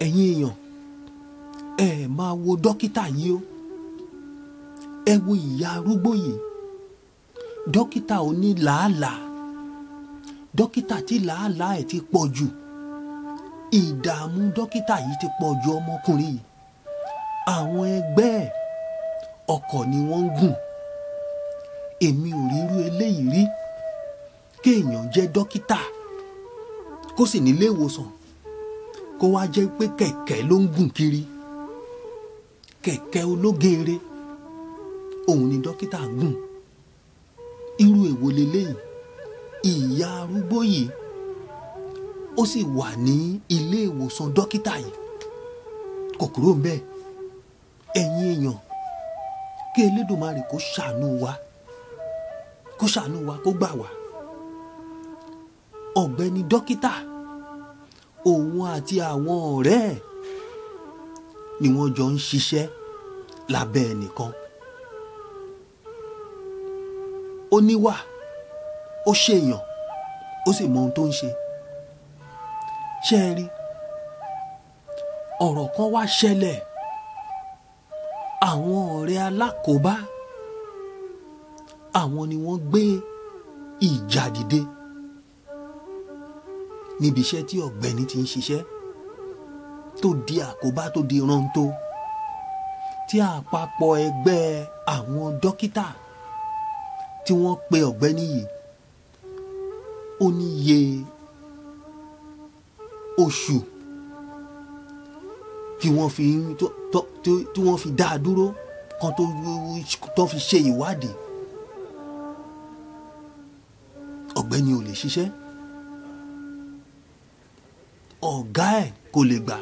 ẹ̀yin èèyàn ẹ máa wo dókítà yìí o ẹ wo ìyá arúgbó yìí dókítà oní làálàá dókítà tí làálàá ẹ̀ ti pọ̀ jù ìdààmú dókítà yìí ti pọ̀ ju ọmọkùnrin yìí àwọn ẹgbẹ́ ẹ̀ ọkọ̀ ni wọ́n ń gùn èmi ò rírú eléyìí rí kéèyàn jẹ́ dókítà kó sì nílé ìwòsàn kó wá jẹ́ pé kẹ̀kẹ́ ló ń gùn kiri kẹ̀kẹ́ ológeere òun ni dókítà gùn irú èwo leléyìí ìyá arúgbó yìí ó sì wà ní ilé ìwòsàn dókítà yìí kòkòrò ń bẹ ẹ̀yin èèyàn kí Elédùmarè kó ṣàánú wa kó ṣàánú wa kó gbà wá ọ̀gbẹ́ni dókítà òun àti àwọn ọ̀rẹ́ ẹ̀ ni wọ́n jọ ń ṣiṣẹ́ lábẹ́ ẹnìkan ó níwà ó ṣèyàn ó sì mọ ohun tó ń ṣe ṣe é rí ọ̀rọ̀ kan wá ṣẹlẹ̀ àwọn ọ̀rẹ́ alákòóbá àwọn ni wọ́n gbé ìjà dìde. E níbi iṣẹ́ tí ọ̀gbẹ́ni ti ń ṣiṣẹ́ tó di àkóbá tó di rántó tí àpapọ̀ ẹgbẹ́ àwọn dókítà tí wọ́n pe ọ̀gbẹ́ni yìí ó níye oṣù tí wọ́n fi tí dá a dúró kan tó fi ṣe ìwádìí ọ̀gbẹ́ni ò lè ṣiṣẹ́ ọ̀gá ẹ̀ kò lè gbà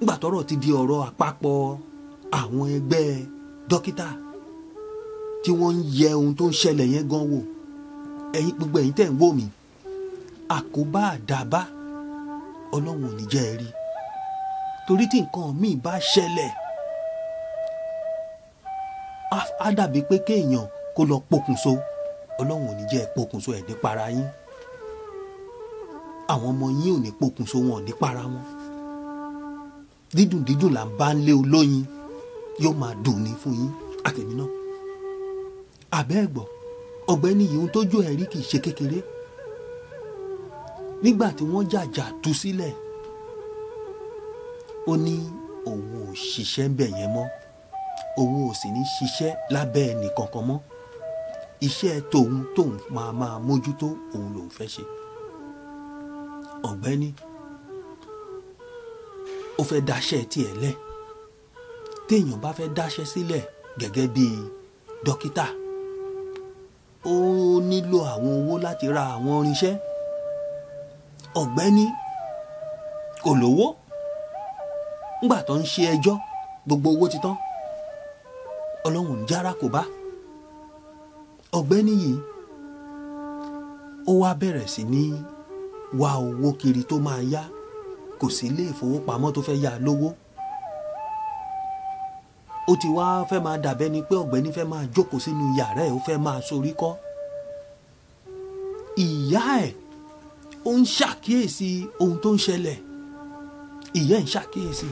nígbà tọ́rọ̀ ti di ọ̀rọ̀ àpapọ̀ àwọn ẹgbẹ́ dókítà tí wọ́n ń yẹ ohun tó ń ṣẹlẹ̀ yẹn gan wò ẹ̀yin gbogbo ẹ̀yin tẹ̀ ń wò mí àkóbá àdàbá ọlọ́run ò ní jẹ́ ẹ rí torí tí nǹkan míì bá ṣẹlẹ̀ á dàbí pé kéèyàn kó lọ pokùnso ọlọ́run ò ní jẹ́ pokùnso ẹ̀ nípa ara yín àwọn ọmọ yín ò ní pokùnso wọn ò ní para wọn dídùn dídùn là ń bá ń lé olóyin yóò máa dùn ní fún yín àtẹ̀mí náà àbẹ́ ẹ̀gbọ́n ọ̀gbẹ́ni yìí ń tójú ẹ̀ rí kì í ṣe kékeré nígbà tí wọ́n jàjà tú sílẹ̀ ó ní òun ò ṣiṣẹ́ ń bẹ̀ yẹn mọ́ òun ò sì ní ṣiṣẹ́ lábẹ́ ẹnì kankan mọ́ iṣẹ́ tòun tóun máa máa mójútó òun lòun fẹ́ ṣe ọ̀gbẹ́ni ó fẹ́ dáṣẹ́ tiẹ̀ lẹ̀ téèyàn bá fẹ́ dáṣẹ́ sílẹ̀ gẹ́gẹ́ bí dókítà ó nílò àwọn owó láti ra àwọn irinṣẹ́ ọ̀gbẹ́ni kò lówó ńgbà tó ń ṣe ẹjọ́ gbogbo owó ti tán ọlọ́run jára kò bá ọ̀gbẹ́ni yìí ó wá bẹ̀rẹ̀ sí ní wá owó kiri tó máa yá kò sí ilé ìfowópamọ́ tó fẹ́ yá lówó ó ti wá fẹ́ máa dàbẹ́ ni pé ọ̀gbẹ́ni fẹ́ máa jókòó sínú yàrá ẹ̀ ó fẹ́ máa sorí kọ́ ìyá ẹ̀ ó ń ṣàkíyèsí ohun tó ń ṣẹlẹ̀ ìyá ẹ̀ ń ṣàkíyèsí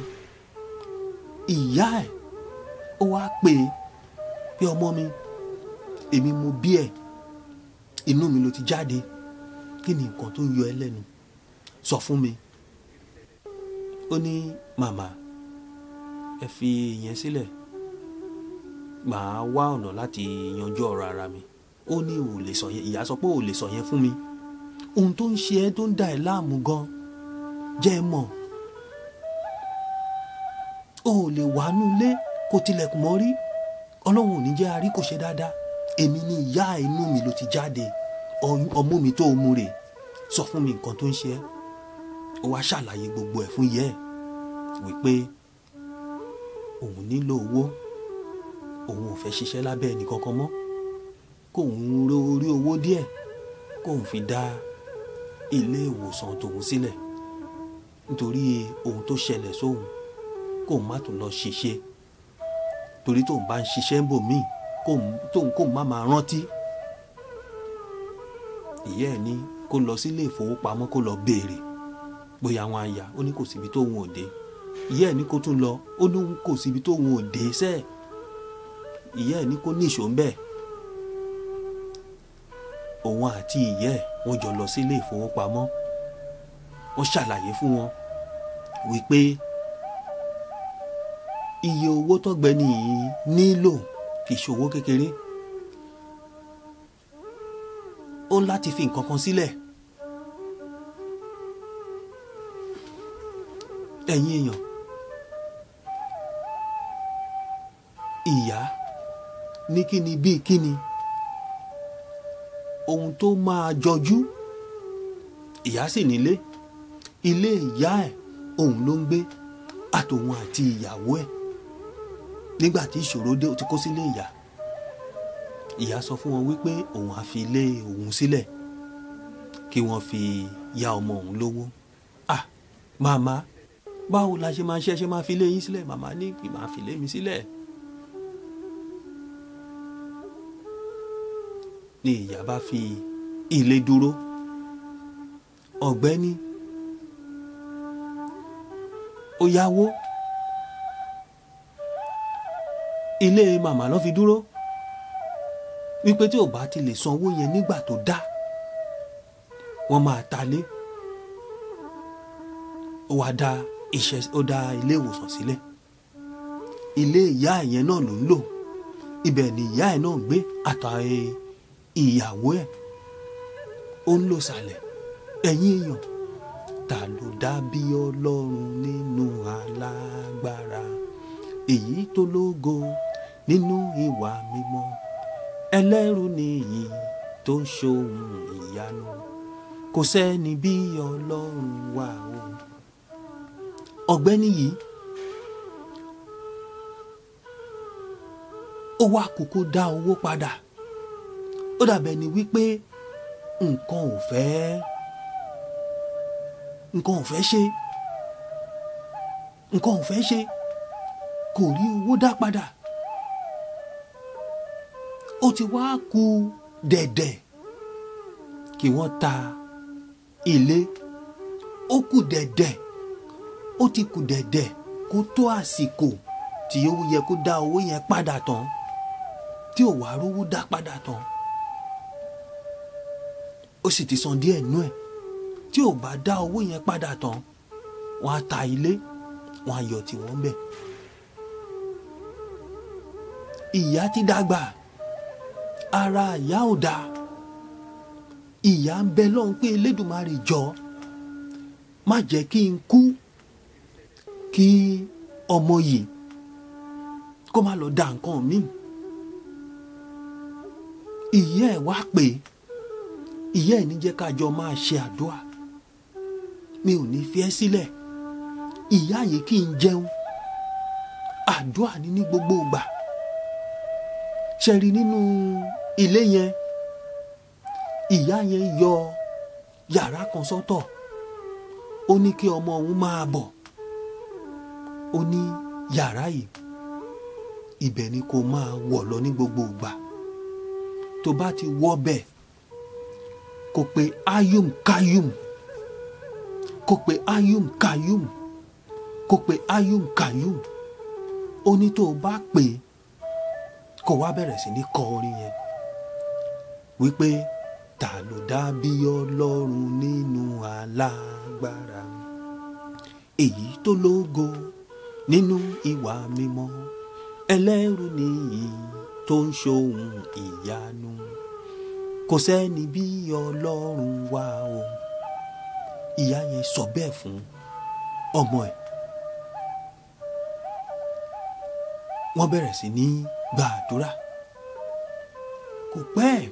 ìyá ẹ̀ ó wá pè é pé ọmọ mi èmi mo bí ẹ inú mi ló ti jáde kí ni nǹkan tó ń yọ ẹ́ lẹ́nu sọ fún mi ó ní màmá ẹ fi ìyẹn sílẹ̀ màá wá ọ̀nà láti yanjú ọ̀rọ̀ ara mi ó ní ò lè sọ yẹn ìyá sọ pé ò lè sọ yẹn fún mi ohun tó ń ṣe ẹ́ tó ń dà ẹ́ láàmú gan jẹ́ ẹ mọ̀ o ò lè wà nù ilé kò tilẹ̀kùn mọ́ rí ọlọ́run ò ní jẹ́ arí kò ṣe dáadáa èmi ni ìyá inú mi ló ti jáde ọmú mi tó o mu rè sọ fún mi nǹkan tó ń ṣe ẹ́ ó wá ṣàlàyé gbogbo ẹ̀ fún yẹ́ ẹ̀ wípé òun nílò owó òun ò fẹ́ ṣiṣẹ́ lábẹ́ ẹnì kankan mọ́ kóun ro orí owó díẹ̀ kóun fi dá ilé ìwòsàn tòun sílẹ̀ nítorí ohun tó ṣẹlẹ̀ sóun kóun má tún lọ ṣiṣẹ́ torí tóun bá ń ṣiṣẹ́ ń bò míì kóun má máa rántí ìyá ẹ̀ ní kó lọ sílé ìfowópamọ́ kó lọ béèrè bóyá wọn á yá ó ní kò síbi tó òun ò dé ìyá ẹ̀ ní kó tún lọ ó ní kò síbi tó òun ò dé sẹ́ẹ̀ ìyá ẹ̀ ní kó ní ìṣó ń bẹ̀ òun àti ìyá ẹ̀ wọ́n jọ lọ sílé ìfowópamọ́ wọ́n ṣàlàyé fún wọn wípé iye owó tọ́gbẹ́ni yìí nílò kì ṣòwò kékeré láti fi nǹkan kan sílẹ̀. ẹ̀yin èèyàn ìyá ní kíni bíi kíni ohun tó máa jọjú ìyá sì nílé ilé ìyá ẹ̀ òun ló ń gbé àtòun àti ìyàwó ẹ̀ nígbà tí ìṣòro dé ó ti kó sílé ìyá ìyá sọ fún wọn wípé òun á fi ilé òun sílẹ̀ kí wọ́n fi ya ọmọ òun lówó ah màmá báwo la ṣe máa ṣe ṣe máa fi ilé yín sílẹ̀ màmá ní kí máa fi ilé mi sílẹ̀. ni ìyá bá fi ilé dúró ọ̀gbẹ́ni ó yáwó ilé màmá ló fi dúró wípé tí ò bá ti lè san owó yẹn nígbà tó dá wọ́n máa talé ó wá dá iṣẹ́ ó dá ilé ìwòsàn sílẹ̀ ilé ìyá yẹn náà ló ń lò ibẹ̀ ni ìyá ẹ̀ náà gbé àtàwọn ìyàwó ẹ̀ ó ń lò sàlẹ̀ ẹ̀yin èèyàn ta ló dá bí ọlọ́run nínú alágbára èyí tó lógo nínú ìwà mímọ́ ẹlẹ́rù nìyí tó ń ṣohun ìyanu kò sẹ́ni bí ọlọ́run wà o ọ̀gbẹ́ni yìí ó wá kókó dá owó padà ó dàbẹ̀ ni wípé nǹkan ò fẹ́ nǹkan ò fẹ́ ṣe nǹkan ò fẹ́ ṣe kò rí owó dá padà ó ti wá ku dẹ̀dẹ̀ kí wọ́n ta ilé ó kù dẹ̀dẹ̀ ó ti ku dẹ̀dẹ̀ kó tó àsìkò tí ó yẹ kó dá owó yẹn padà tán tí ò wá rówó dá padà tán ó sì ti san díẹ̀ nú ẹ̀ tí ò bá dá owó yẹn padà tán wọ́n á ta ilé wọ́n á yọ tiwọn bẹ̀ ìyá ti dàgbà ara ìyá ò dáa ìyá ń bẹ lọ́hùn pé Elédùmarè jọ má jẹ́ kí n kú kí ọmọ yìí kó má lọ da nǹkan mi ìyá ẹ̀ wá pé ìyá ẹ̀ ní jẹ́ ká jọ máa ṣe àdúrà mi ò ní fi sílẹ̀ ìyá yìí kì í jẹun àdúrà ni ní gbogbo ìgbà ṣe rí nínú ilé yẹn ìyá yẹn yọ yàrá kan sọ́tọ̀ ó ní kí ọmọ òun máa bọ̀ ó ní yàrá yìí ibẹ̀ ni kò máa wọ̀ lọ ní gbogbo ìgbà tó bá ti wọ́ bẹ̀ kò pé ayum kayum kò pé ayum kayum kò pé ayum kayum ó ní tó o bá pè é kò wá bẹ̀rẹ̀ sí ní kọ orin yẹn wípé ta ló dàbí ọlọ́run nínú alágbára èyí tó lógo nínú ìwà mímọ́ ẹlẹ́rù nìyí tó ń ṣohun ìyanu kò sẹ́ni bí ọlọ́run wá o ìyá yẹn sọ bẹ́ẹ̀ fún ọmọ ẹ̀ wọ́n bẹ̀rẹ̀ sí ní gbàdúrà kò pẹ́ ẹ̀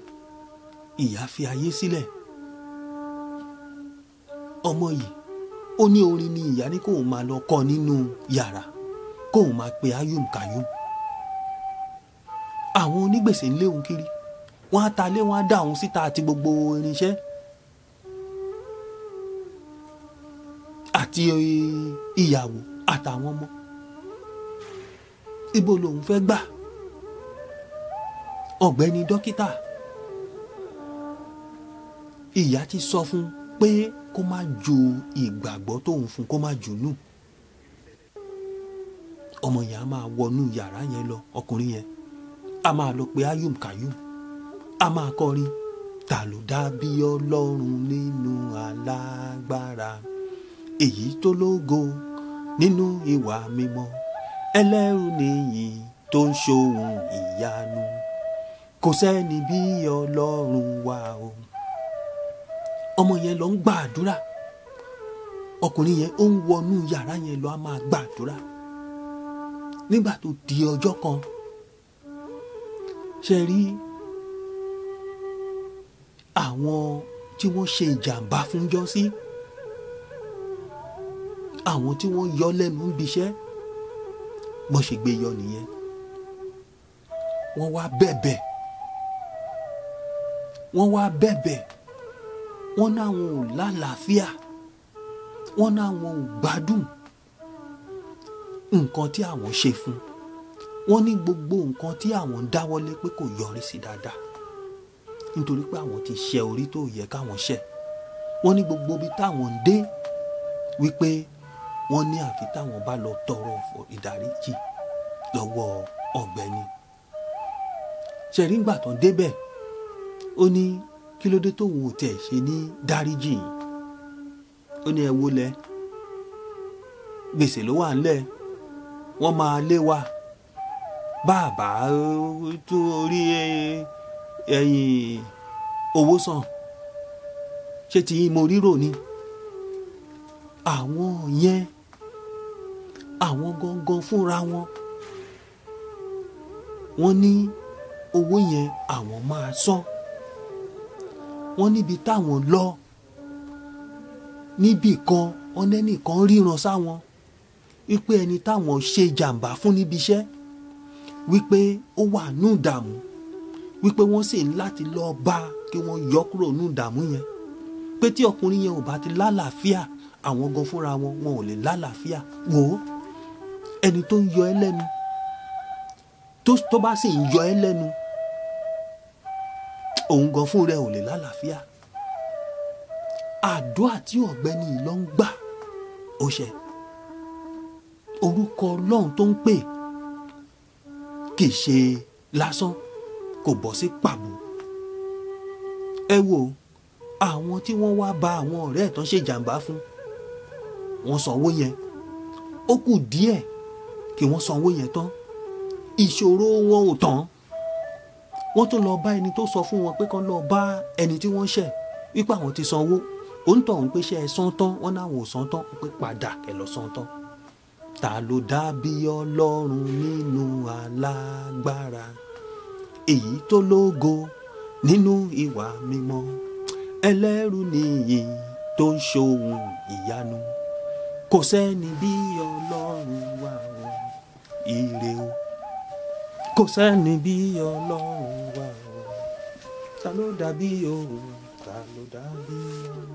ìyá fi ayé sílẹ̀ ọmọ yìí ó ní orin ni ìyá ní kóun máa lọ kọ nínú yàrá kóun máa pe ayum kayum àwọn onígbèsè ń léhun kiri wọ́n á ta lé wọ́n á dá òun síta àti gbogbo irinṣẹ́ àti e, ìyàwó àtàwọn ọmọ ibo lòun fẹ́ gbà ọ̀gbẹ́ni dókítà ìyá ti sọ fún pé kó má ju ìgbàgbọ́ tóun fún kó má jù nù ọmọ yẹn a máa wọnú yàrá yẹn lọ ọkùnrin yẹn a máa lọ pé ayum kayum a máa kọrin ta ló dá bí ọlọ́run nínú alágbára èyí tó lógo nínú ìwà mímọ́ ẹlẹ́rù nìyí tó ń ṣohun ìyanu kò sẹ́ni bí ọlọ́run wa o ọmọ yẹn lọ ń gba àdúrà ọkùnrin yẹn ó ń wọnú yàrá yẹn lọ á máa gba àdúrà nígbà tó di ọjọ́ kan ṣe rí àwọn tí wọ́n ṣe ìjàmbá fún jọ́sí àwọn tí wọ́n yọ lẹ́nu ń biṣẹ́ bọ́n ṣe gbé yọ nìyẹn wọ́n wá bẹ̀bẹ̀ wọ́n wá bẹ̀bẹ̀ wọ́n náwọn ò lálàáfíà wọ́n náwọn ò gbádùn nǹkan tí àwọn ṣe fún wọ́n ní gbogbo nǹkan tí àwọn ń dáwọ́lé pé kò yọrí sí dáadáa nítorí pé àwọn ti ṣe orí tó yẹ káwọn ṣe wọ́n ní gbogbo ibi táwọn ń dé wípé wọ́n ní àfi táwọn bá lọ tọrọ ìdáríjì lọ́wọ́ ọ̀gbẹ́ni ṣẹ̀rí ńgbà tó débẹ̀ ó ní kí ló dé tóun ò tẹ̀ ṣe ní dáríjì ó ní ẹ lẹ gbèsè ló wà ńlẹ̀ wọ́n máa lé wa bàbá tó rí ẹ̀yìn owó san ṣé ti mo rírò ni àwọn yẹn àwọn gangan fúnra wọn wọ́n ní owó yẹn àwọn máa san. So wọ́n níbi táwọn lọ níbì kan ọ̀nẹ́nìkan ríran sáwọn wípé ẹni táwọn ṣe jàǹbá fún níbi iṣẹ́ wípé ó wà nù dààmú wípé wọ́n sì ń láti lọ bá kí wọ́n yọ kúrò nù dààmú yẹn pé tí ọkùnrin yẹn ò bá ti lálàáfíà àwọn gan fúnra wọn wọn ò lè lálàáfíà wò ó ẹni tó ń yọ ẹ́ lẹ́nu tó bá sì ń yọ ẹ́ lẹ́nu òun gan fún rẹ ò lè lálàáfíà àdúrà tí ọ̀gbẹ́ni ìlọ ń gbà ó ṣe orúkọ ọlọ́run tó ń pè kì í ṣe lásán kò bọ́ sí pàbó ẹ wo àwọn tí wọ́n wá ba àwọn ọ̀rẹ́ ẹ̀ tán ṣe jàǹbá fún wọ́n sanwó yẹn ó kù díẹ̀ kí wọ́n sanwó yẹn tán ìṣòro wọn ò tán wọ́n tún lọ bá ẹni tó sọ fún wọn pé kán lọ bá ẹni tí wọ́n ṣẹ̀ wípé àwọn ti sanwó òun tọ̀ ń pé ṣe ẹ san tán wọ́n láwọn ò san tán pé padà ẹ lọ san tán ta ló dàbí ọlọ́run nínú alágbára èyí tó lógo nínú ìwà mímọ́ ẹlẹ́rù nìyí tó ń ṣohun ìyanu kò sẹ́ni bí ọlọ́run wà ó ire o kò sẹ́ni bí ọlọ́run wà ó ta ló dàbí o ta ló dàbí o.